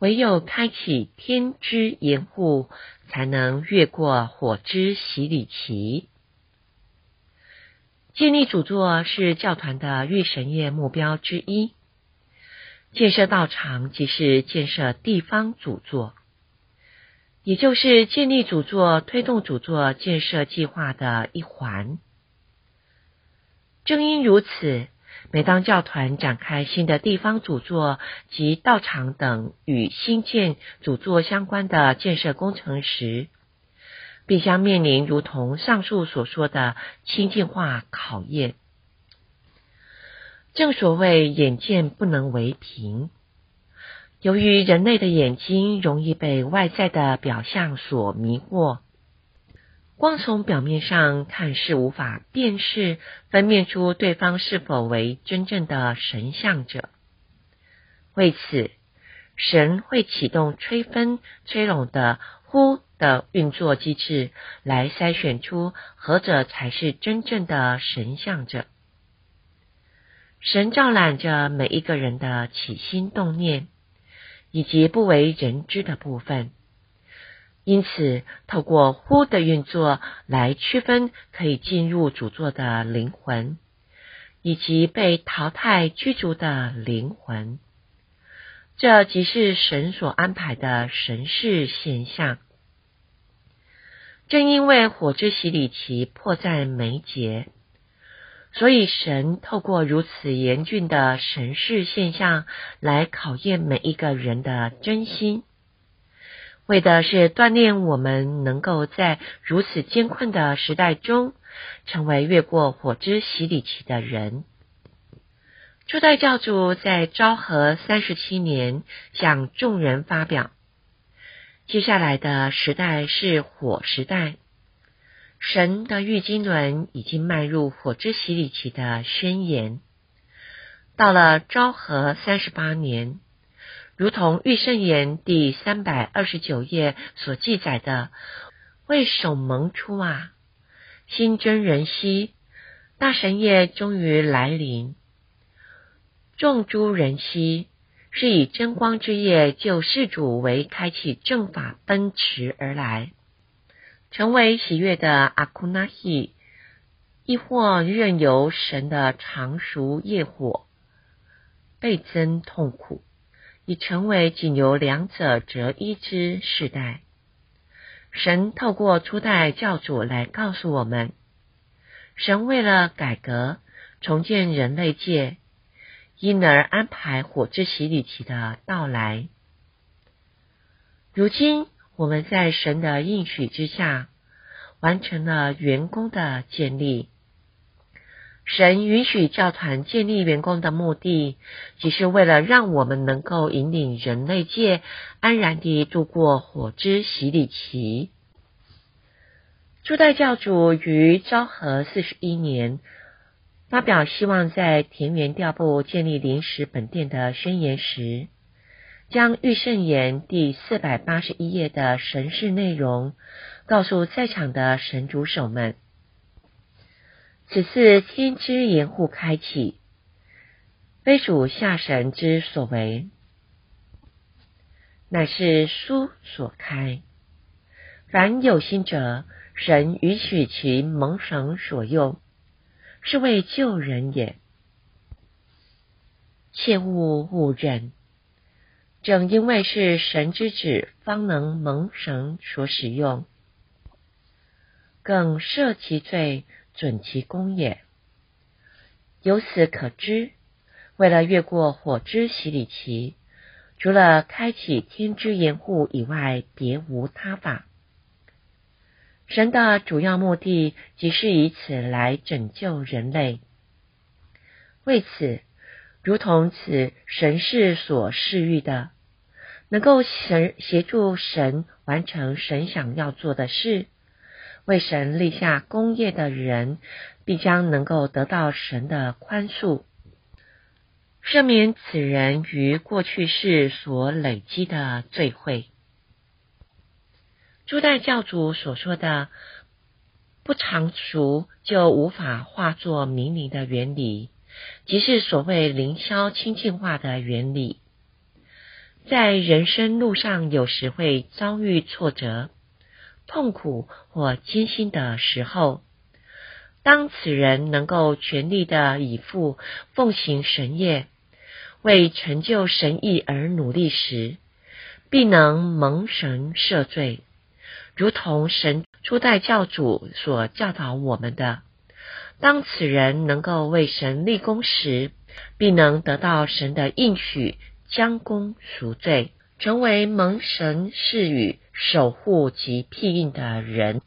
唯有開啟天之岩戶，才能越過火之洗禮期。建立主座是教團的御神業目標之一。建設道場即是建設地方主座，也就是建立主座、推動主座建設計劃的一環。正因如此。每當教團展開新的地方主座及道場等與新建主座相關的建設工程時，必將面臨如同上述所說的清淨化考驗。正所謂“眼見不能為憑”，由於人類的眼睛容易被外在的表象所迷惑。光從表面上看是無法辨識、分辨出對方是否為真正的神像者。為此，神會啟動吹分、吹攏的“呼”的運作機制，來篩選出何者才是真正的神像者。神照覽着每一個人的起心動念，以及不為人知的部分。因此，透過呼的運作來區分可以進入主座的靈魂，以及被淘汰驅逐的靈魂，這即是神所安排的神事現象。正因為火之洗禮期迫在眉睫，所以神透過如此嚴峻的神事現象來考驗每一個人的真心。為的是鍛鍊我們，能夠在如此艱困的時代中，成為越過火之洗禮期的人。初代教主在昭和三十七年向眾人發表：“接下來的時代是火時代，神的御經綸已經邁入火之洗禮期的宣言。”到了昭和三十八年。如同《御聖言》第三百二十九頁所記載的：“為守蒙出啊，心真人兮，大神夜終於來臨。眾諸人兮，是以真光之夜救世主為開啟正法奔馳而來，成為喜悅的阿庫納希，亦或任由神的常熟業火倍增痛苦。”已成為僅由兩者擇一之世代。神透過初代教主來告訴我們，神為了改革重建人類界，因而安排火之洗禮期的到來。如今，我們在神的應許之下，完成了原功的建立。神允許教團建立員工的目的，只是為了讓我們能夠引領人類界安然地度過火之洗禮期。初代教主於昭和四十一年發表希望在田園調布建立臨時本殿的宣言時，將《御聖言》第四百八十一頁的神事內容告訴在場的神主手們。此次天之岩戶開啟，非屬下神之所為，乃是書所開。凡有心者，神允許其蒙神所用，是為救人也。切勿誤認，正因為是神之旨，方能蒙神所使用，更赦其罪。准其功也。由此可知，為了越過火之洗禮期，除了開啟天之岩戶以外，別無他法。神的主要目的，即是以此來拯救人類。為此，如同此神世所示諭的，能夠神協助神完成神想要做的事。為神立下功業的人，必將能夠得到神的寬恕，赦免此人於過去世所累積的罪會。諸代教主所說的“不成熟就無法化作明靈”的原理，即是所謂靈消清淨化的原理。在人生路上，有時會遭遇挫折。痛苦或艱辛的時候，當此人能夠全力的以赴，奉行神業，為成就神意而努力時，必能蒙神赦罪，如同神初代教主所教導我們的。當此人能夠為神立功時，必能得到神的應許，將功贖罪，成為蒙神事與。守護其庇蔭的人。